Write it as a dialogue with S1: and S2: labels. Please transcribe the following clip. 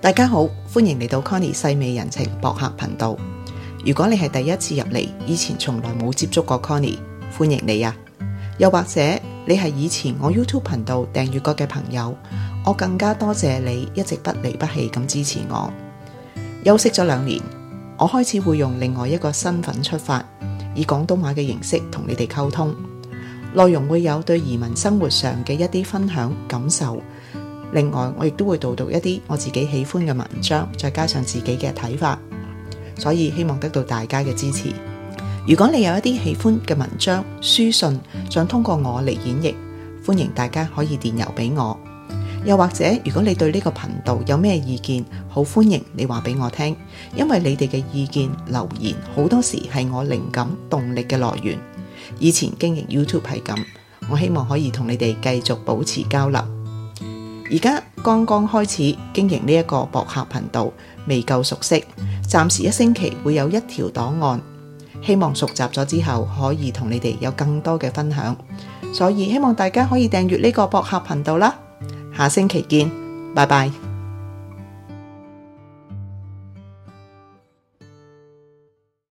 S1: 大家好，歡迎嚟到 c o n n y e 細味人情博客頻道。如果你係第一次入嚟，以前從來冇接觸過 c o n n y e 歡迎你啊！又或者你係以前我 YouTube 頻道訂閱過嘅朋友，我更加多謝你一直不離不棄咁支持我。休息咗兩年，我開始會用另外一個身份出發，以廣東話嘅形式同你哋溝通，內容會有對移民生活上嘅一啲分享感受。另外，我亦都會導讀一啲我自己喜歡嘅文章，再加上自己嘅睇法，所以希望得到大家嘅支持。如果你有一啲喜歡嘅文章、書信，想通過我嚟演繹，歡迎大家可以電郵俾我。又或者，如果你對呢個頻道有咩意見，好歡迎你話俾我聽，因為你哋嘅意見、留言好多時係我靈感、動力嘅來源。以前經營 YouTube 係咁，我希望可以同你哋繼續保持交流。而家剛剛開始經營呢個博客頻道，未夠熟悉，暫時一星期會有一條檔案，希望熟習咗之後可以同你哋有更多嘅分享，所以希望大家可以訂閱呢個博客頻道啦，下星期見，拜拜。